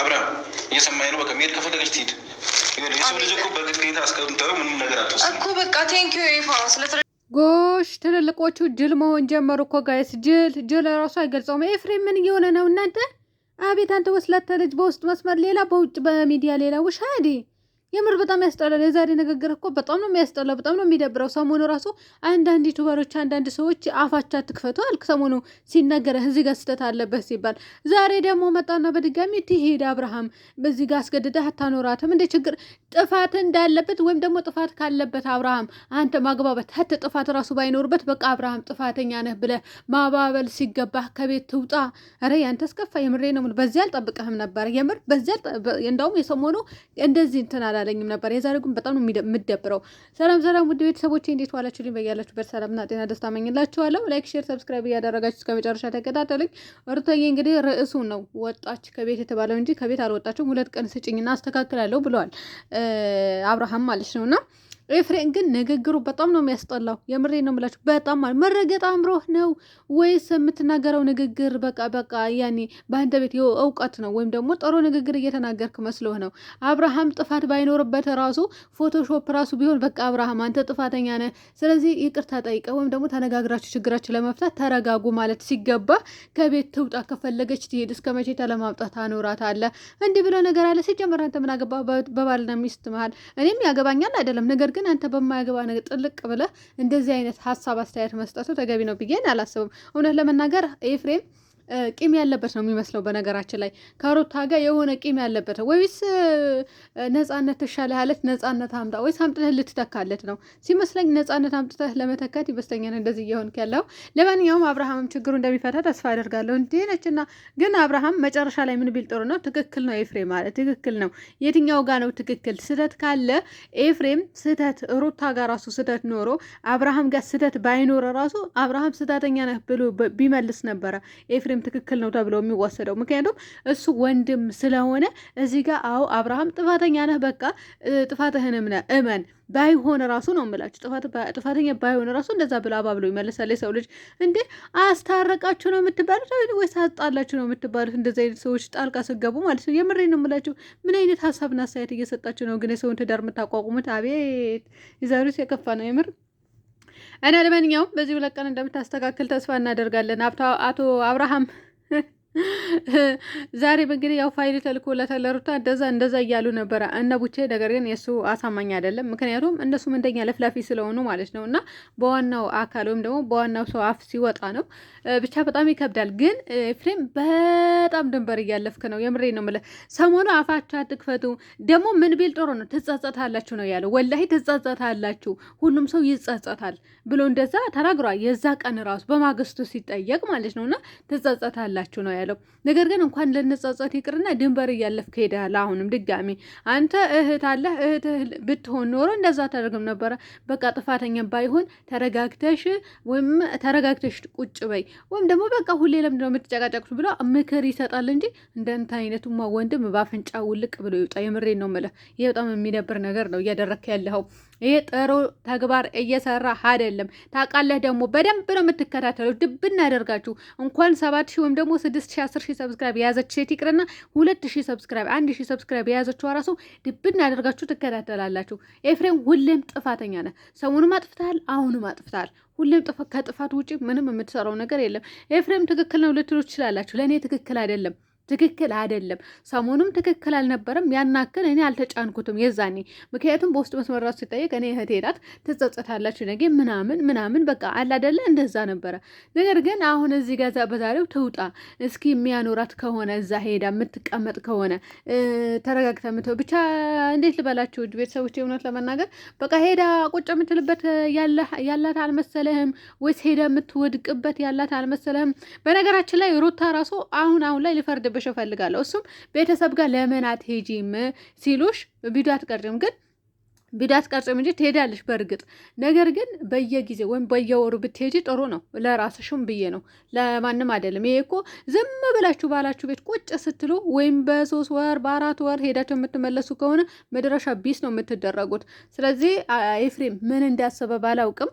አብርሃም እየሰማኝ ነው። በቃ መሄድ ከፈለገች ትሄድ። የሰው ልጅ እኮ በግዴታ አስቀምጠው ምንም ነገር አትወስድ እኮ በቃ ቴንኪዩ ይፋ ስለ ጎሽ ትልልቆቹ ጅል መሆን ጀመሩ እኮ ጋይስ። ጅል ጅል ራሱ አይገልጸውም። ኤፍሬም ምን እየሆነ ነው እናንተ? አቤት አንተ ወስለተ ልጅ! በውስጥ መስመር ሌላ፣ በውጭ በሚዲያ ሌላ ውሻ የምር በጣም ያስጠላል። የዛሬ ንግግር እኮ በጣም ነው የሚያስጠላው፣ በጣም ነው የሚደብረው። ሰሞኑ ራሱ አንዳንድ ዩቱበሮች፣ አንዳንድ ሰዎች አፋቻ ትክፈቱ አልክ። ሰሞኑ ሲነገረ እዚህ ጋር ስህተት አለበት ሲባል ዛሬ ደግሞ መጣና በድጋሚ ትሄድ አብርሃም በዚህ ጋር አስገድደ አታኖራትም እንደ ችግር ጥፋት እንዳለበት ወይም ደግሞ ጥፋት ካለበት አብርሃም አንተ ማግባባት ሀተ ጥፋት ራሱ ባይኖርበት በቃ አብርሃም ጥፋተኛ ነህ ብለ ማባበል ሲገባ ከቤት ትውጣ። ረ ያንተ አስከፋ። የምሬ ነው። በዚህ አልጠብቀህም ነበር የምር በዚህ እንዳውም የሰሞኑ እንደዚህ እንትናለ አላለኝም ነበር። የዛሬ ግን በጣም ነው የምደብረው። ሰላም ሰላም፣ ውድ ቤተሰቦቼ እንዴት ዋላችሁ? ልኝ በያላችሁበት ሰላምና ጤና ደስታ መኝላችኋለሁ። ላይክ፣ ሼር፣ ሰብስክራይብ እያደረጋችሁ እስከ መጨረሻ ተከታተሉኝ። ሩታዬ እንግዲህ ርዕሱ ነው ወጣች ከቤት የተባለው እንጂ ከቤት አልወጣችሁም፣ ሁለት ቀን ስጭኝና አስተካክላለሁ ብለዋል አብርሃም ማለች ነው እና ኤፍሬም ግን ንግግሩ በጣም ነው የሚያስጠላው። የምሬ ነው የምላችሁ። በጣም ማለት መረገጥ አምሮህ ነው ወይስ የምትናገረው ንግግር በቃ በቃ ያኔ በአንተ ቤት እውቀት ነው ወይም ደግሞ ጥሩ ንግግር እየተናገርክ መስሎህ ነው? አብርሃም ጥፋት ባይኖርበት ራሱ ፎቶሾፕ ራሱ ቢሆን በቃ አብርሃም አንተ ጥፋተኛ ነህ፣ ስለዚህ ይቅርታ ጠይቀ ወይም ደግሞ ተነጋግራችሁ ችግራችሁ ለመፍታት ተረጋጉ ማለት ሲገባ ከቤት ትውጣ፣ ከፈለገች ትሄድ፣ እስከ መቼ ተለማምጣት አኖራት አለ እንዲህ ብሎ ነገር አለ። ሲጀመር አንተ ምን አገባ በባልና ሚስት መሀል። እኔም ያገባኛል አይደለም ነገር ግን አንተ በማያገባ ነገር ጥልቅ ብለህ እንደዚህ አይነት ሀሳብ አስተያየት መስጠቱ ተገቢ ነው ብዬን አላስብም። እውነት ለመናገር ኤፍሬም ቂም ያለበት ነው የሚመስለው። በነገራችን ላይ ከሩታ ጋር የሆነ ቂም ያለበት ነው ወይስ ነጻነት ትሻለህ አለት ነጻነት አምጣ ወይስ አምጥተህ ልትተካለት ነው ሲመስለኝ፣ ነጻነት አምጥተህ ለመተካት ይመስለኛል እንደዚህ እየሆንክ ያለው። ለማንኛውም አብርሃምም ችግሩ እንደሚፈታ ተስፋ አደርጋለሁ። እንዲህ ነችና ግን አብርሃም መጨረሻ ላይ ምን ቢል ጥሩ ነው? ትክክል ነው ኤፍሬም ማለት ትክክል ነው። የትኛው ጋ ነው ትክክል? ስህተት ካለ ኤፍሬም ስህተት ሩታ ጋር ራሱ ስህተት ኖሮ አብርሃም ጋር ስህተት ባይኖረ ራሱ አብርሃም ስህተተኛ ነህ ብሎ ቢመልስ ነበረ ኤፍሬም ወንድም ትክክል ነው ተብለው የሚወሰደው። ምክንያቱም እሱ ወንድም ስለሆነ እዚህ ጋር አዎ አብርሃም ጥፋተኛ ነህ፣ በቃ ጥፋትህንም ነህ እመን ባይሆን ራሱ ነው የምላችሁ። ጥፋተኛ ባይሆን ራሱ እንደዛ ብሎ አባብሎ ይመለሳል። የሰው ልጅ እንዴ አስታረቃችሁ ነው የምትባሉት ወይስ አጣላችሁ ነው የምትባሉት? እንደዚ አይነት ሰዎች ጣልቃ ስገቡ ማለት ነው። የምሬ ነው የምላችሁ። ምን አይነት ሀሳብና አስተያየት እየሰጣችሁ ነው ግን የሰውን ትዳር የምታቋቁሙት? አቤት የዛሬው የከፋ ነው የምር። እና ለማንኛውም በዚህ ሁለት ቀን እንደምታስተካክል ተስፋ እናደርጋለን። አቶ አብርሃም ዛሬም እንግዲህ ያው ፋይል ተልኮ ለተለሩታ እንደዛ እንደዛ እያሉ ነበረ እነ ቡቼ። ነገር ግን የእሱ አሳማኝ አይደለም፣ ምክንያቱም እነሱም እንደኛ ለፍላፊ ስለሆኑ ማለት ነው። እና በዋናው አካል ወይም ደግሞ በዋናው ሰው አፍ ሲወጣ ነው ብቻ በጣም ይከብዳል። ግን ፍሬም በጣም ድንበር እያለፍክ ነው። የምሬ ነው የምልህ። ሰሞኑ አፋቻ አትክፈቱ። ደግሞ ምን ቢል ጥሩ ነው። ትጸጸታላችሁ ነው ያለው። ወላሂ ትጸጸታላችሁ፣ ሁሉም ሰው ይጸጸታል ብሎ እንደዛ ተናግሯል። የዛ ቀን ራሱ በማግስቱ ሲጠየቅ ማለት ነው እና ትጸጸታላችሁ ነው ያለው ያለው ነገር ግን እንኳን ልንጸጸት ይቅርና ድንበር እያለፍክ ሄደሃል። አሁንም ድጋሚ አንተ እህት አለ እህት ብትሆን ኖሮ እንደዛ ታደርግም ነበረ። በቃ ጥፋተኛ ባይሆን ተረጋግተሽ ወይም ተረጋግተሽ ቁጭ በይ ወይም ደግሞ በቃ ሁሌ ለምንድን ነው የምትጨቃጨቁት ብሎ ምክር ይሰጣል እንጂ እንደንተ አይነቱማ ወንድም ባፍንጫ ውልቅ ብሎ ይውጣ። የምሬን ነው የምልህ። ይህ በጣም የሚደብር ነገር ነው እያደረግክ ያለኸው ይህ ጥሩ ተግባር እየሰራ አይደለም። ታውቃለህ ደግሞ በደንብ ነው የምትከታተለው። ድብ እናደርጋችሁ እንኳን ሰባት ሺህ ወይም ደግሞ ስድስት ሺህ አስር ሺህ ሰብስክራይብ የያዘች ሴት ይቅርና ሁለት ሺህ ሰብስክራይብ አንድ ሺህ ሰብስክራይብ የያዘችው ራሱ ድብ እናደርጋችሁ ትከታተላላችሁ። ኤፍሬም ሁሌም ጥፋተኛ ነህ። ሰሞኑም አጥፍተሃል፣ አሁንም አጥፍተሃል። ሁሌም ከጥፋት ውጭ ምንም የምትሰራው ነገር የለም። ኤፍሬም ትክክል ነው ልትሉ ትችላላችሁ። ለእኔ ትክክል አይደለም ትክክል አይደለም። ሰሞኑም ትክክል አልነበረም። ያናክል እኔ አልተጫንኩትም የዛኔ። ምክንያቱም በውስጥ መስመር ራሱ ሲጠየቅ እኔ እህቴ ናት ትጸጸታላችሁ ነገ ምናምን ምናምን በቃ አላደለ እንደዛ ነበረ። ነገር ግን አሁን እዚህ ጋዛ በዛሬው ትውጣ እስኪ የሚያኖራት ከሆነ እዛ ሄዳ የምትቀመጥ ከሆነ ተረጋግተ ምትው ብቻ እንዴት ልበላችሁ ቤተሰቦች፣ እውነት ለመናገር በቃ ሄዳ ቁጭ የምትልበት ያላት አልመሰለህም ወይስ ሄዳ የምትወድቅበት ያላት አልመሰለህም? በነገራችን ላይ ሩታ ራሱ አሁን አሁን ላይ ልፈርድበት ልጠይቅብሽ እፈልጋለሁ። እሱም ቤተሰብ ጋር ለምን አትሄጂም ሲሉሽ ቪዲዮ አትቀርም ግን ቢዳት ቀርጾ እንጂ ትሄዳለሽ በእርግጥ ነገር ግን በየጊዜ ወይም በየወሩ ብትሄጂ ጥሩ ነው። ለራስሽም ብዬ ነው ለማንም አይደለም። ይሄ እኮ ዝም ብላችሁ ባላችሁ ቤት ቁጭ ስትሉ ወይም በሶስት ወር በአራት ወር ሄዳቸው የምትመለሱ ከሆነ መድረሻ ቢስ ነው የምትደረጉት። ስለዚህ ኤፍሬም ምን እንዳሰበ ባላውቅም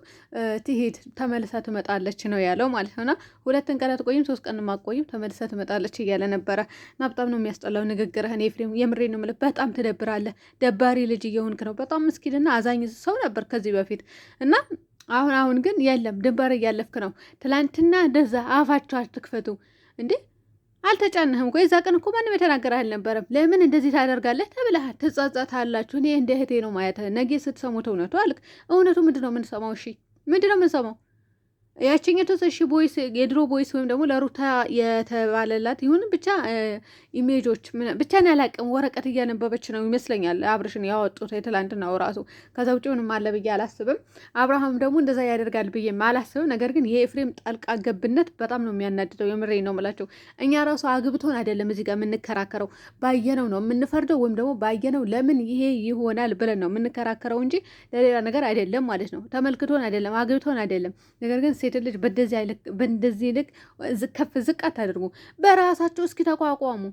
ትሄድ ተመልሳ ትመጣለች ነው ያለው ማለት ነውና ሁለትን ቀን አትቆይም፣ ሶስት ቀን ማቆይም ተመልሳ ትመጣለች እያለ ነበረ እና በጣም ነው የሚያስጠላው ንግግርህን ኤፍሬም። የምሬ ነው የምልህ በጣም ትደብራለህ። ደባሪ ልጅ እየሆንክ ነው በጣም ምስኪንና አዛኝ ሰው ነበር ከዚህ በፊት እና አሁን አሁን ግን የለም፣ ድንበር እያለፍክ ነው። ትላንትና እንደዛ አፋቸው አትክፈቱ እንዴ! አልተጫንህም እኮ የዛ ቀን እኮ ማንም የተናገረ አልነበረም። ለምን እንደዚህ ታደርጋለህ ተብለሃል። ትጸጸታላችሁ። እኔ እንደ እህቴ ነው ማየት። ነገ ስትሰሙት እውነቱ አልክ። እውነቱ ምንድነው? ምን ሰማው? እሺ ምንድነው? ምን ያችኛቱ ተሰሺ ቦይስ የድሮ ቦይስ ወይም ደግሞ ለሩታ የተባለላት ይሁን ብቻ ኢሜጆች ብቻ ነው ያላቅም ወረቀት እያነበበች ነው ይመስለኛል። አብርሽን ያወጡት የትላንትናው ራሱ ከዛ ውጭ ምንም አለ ብዬ አላስብም። አብርሃም ደግሞ እንደዛ ያደርጋል ብዬ አላስብም። ነገር ግን የኤፍሬም ጣልቃ ገብነት በጣም ነው የሚያናድደው። የምሬ ነው ምላቸው። እኛ ራሱ አግብቶን አይደለም እዚህ ጋር የምንከራከረው፣ ባየነው ነው የምንፈርደው፣ ወይም ደግሞ ባየነው ለምን ይሄ ይሆናል ብለን ነው የምንከራከረው እንጂ ለሌላ ነገር አይደለም ማለት ነው። ተመልክቶን አይደለም አግብቶን አይደለም። ነገር ግን ሴት ልጅ በእንደዚህ ልክ ከፍ ዝቅ አታደርጉ። በራሳቸው እስኪ ተቋቋሙ።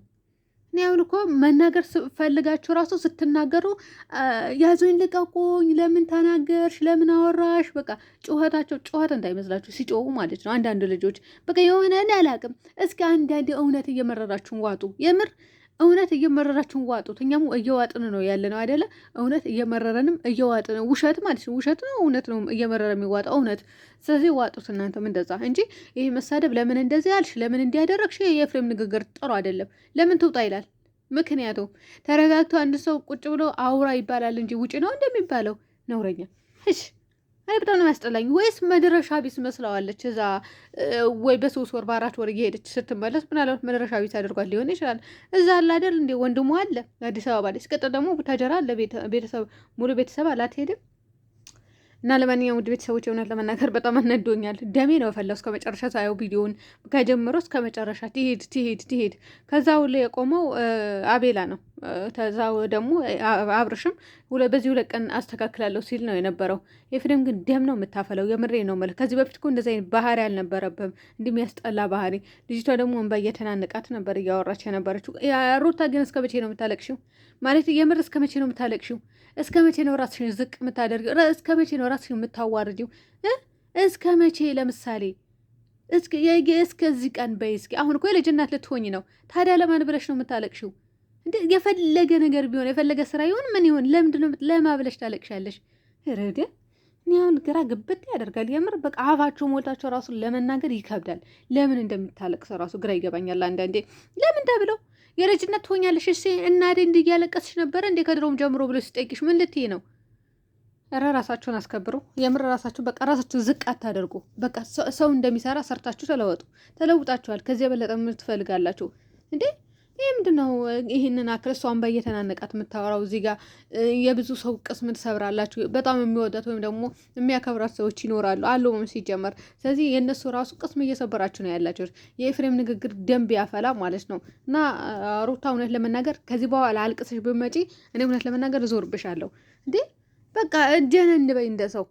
እኔ አሁን እኮ መናገር ፈልጋችሁ ራሱ ስትናገሩ ያዙኝ ልቀቁኝ፣ ለምን ተናገርሽ፣ ለምን አወራሽ፣ በቃ ጩኸታቸው ጩኸት እንዳይመስላችሁ ሲጮሁ ማለት ነው። አንዳንድ ልጆች በቃ የሆነ እኔ አላቅም። እስኪ አንዳንድ እውነት እየመረራችሁን ዋጡ የምር እውነት እየመረራችሁን ዋጡት። እኛም እየዋጥን ነው ያለ ነው አይደለ? እውነት እየመረረንም እየዋጥን ውሸት ማለት ነው። ውሸት ነው እውነት ነው እየመረረ የሚዋጣው እውነት። ስለዚህ ዋጡት እናንተም እንደዛ እንጂ ይህ መሳደብ ለምን እንደዚህ አልሽ፣ ለምን እንዲያደረግሽ የፍሬም ንግግር ጥሩ አይደለም። ለምን ትውጣ ይላል። ምክንያቱም ተረጋግቶ አንድ ሰው ቁጭ ብሎ አውራ ይባላል እንጂ ውጭ ነው እንደሚባለው ነውረኛ እሺ እኔ በጣም ነው የሚያስጠላኝ። ወይስ መድረሻ ቢስ መስለዋለች? እዛ ወይ በሶስት ወር በአራት ወር እየሄደች ስትመለስ ምናልባት መድረሻ ቢስ አድርጓት ሊሆን ይችላል። እዛ አለ አይደል እንዴ ወንድሟ አለ አዲስ አበባ ላይ፣ ስቀጥል ደግሞ ቡታጀራ አለ። ቤተሰብ ሙሉ ቤተሰብ አላትሄድም። እና ለማንኛውም ውድ ቤተሰቦች እውነት ለመናገር በጣም አነዶኛል። ደሜ ነው የፈላው። እስከ መጨረሻ ሳየው ቪዲዮውን ከጀምሮ እስከ መጨረሻ ትሄድ ትሄድ ትሄድ። ከዛ ሁሉ የቆመው አቤላ ነው ከዛ ደግሞ አብርሽም በዚህ ሁለት ቀን አስተካክላለሁ ሲል ነው የነበረው። ኤፍሬም ግን ደም ነው የምታፈለው። የምሬ ነው መልክ ከዚህ በፊት እኮ እንደዚ አይነት ባህሪ አልነበረብም፣ እንዲህ የሚያስጠላ ባህሪ። ልጅቷ ደግሞ እንባ እየተናነቃት ነበር እያወራች የነበረችው። ሩታ ግን እስከ መቼ ነው የምታለቅሽው? ማለት የምር እስከ መቼ ነው የምታለቅሽው? እስከ መቼ ነው ራስሽን ዝቅ የምታደርጊው? እስከ መቼ ነው ራስሽን የምታዋርጂው? እስከ መቼ ለምሳሌ እስከዚህ ቀን በይ እስኪ። አሁን እኮ የልጅ እናት ልትሆኝ ነው። ታዲያ ለማን ብለሽ ነው የምታለቅሽው? የፈለገ ነገር ቢሆን የፈለገ ስራ ይሆን ምን ይሆን ለምንድነው ለማብለሽ ታለቅሻለሽ? ረደ እኔ አሁን ግራ ግብት ያደርጋል። የምር በቃ አፋችሁ ሞልታችሁ ራሱ ለመናገር ይከብዳል። ለምን እንደምታለቅስ ራሱ ግራ ይገባኛል አንዳንዴ። ለምን ተብለው የረጅነት ትሆኛለሽ እሺ እናዴ እንዲህ እያለቀስሽ ነበረ እንዴ ከድሮም ጀምሮ ብሎ ሲጠይቅሽ ምን ልትይ ነው? ኧረ ራሳችሁን አስከብሩ። የምር ራሳችሁ በቃ ራሳችሁ ዝቅ አታደርጉ። በቃ ሰው እንደሚሰራ ሰርታችሁ ተለወጡ። ተለውጣችኋል። ከዚህ የበለጠ ምን ትፈልጋላችሁ እንዴ? ምንድን ነው ይህንን አክል እሷን በየተናነቃት የምታወራው? እዚህ ጋር የብዙ ሰው ቅስም ትሰብራላችሁ። በጣም የሚወዳት ወይም ደግሞ የሚያከብራት ሰዎች ይኖራሉ አለውም ሲጀመር። ስለዚህ የእነሱ ራሱ ቅስም እየሰበራችሁ ነው ያላቸው። የኤፍሬም ንግግር ደንብ ያፈላ ማለት ነው። እና ሩታ እውነት ለመናገር ከዚህ በኋላ አልቅሰሽ ብመጪ እኔ እውነት ለመናገር እዞርብሻለሁ። እንዴ በቃ እጀነን እንበይ እንደ ሰው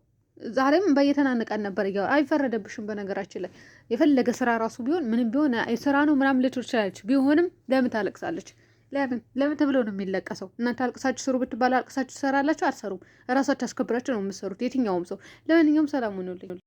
ዛሬም በየተናነቃን ነበር እያ አይፈረደብሽም። በነገራችን ላይ የፈለገ ስራ ራሱ ቢሆን ምንም ቢሆን ስራ ነው ምናምን ልትል ትችላለች። ቢሆንም ለምን ታለቅሳለች? ለምን ለምን ተብሎ ነው የሚለቀሰው? እናንተ አልቅሳችሁ ስሩ ብትባሉ አልቅሳችሁ ትሰራላችሁ? አትሰሩም። እራሳችሁ አስከብራችሁ ነው የምትሰሩት የትኛውም ሰው። ለማንኛውም ሰላም ሁኑልኝ።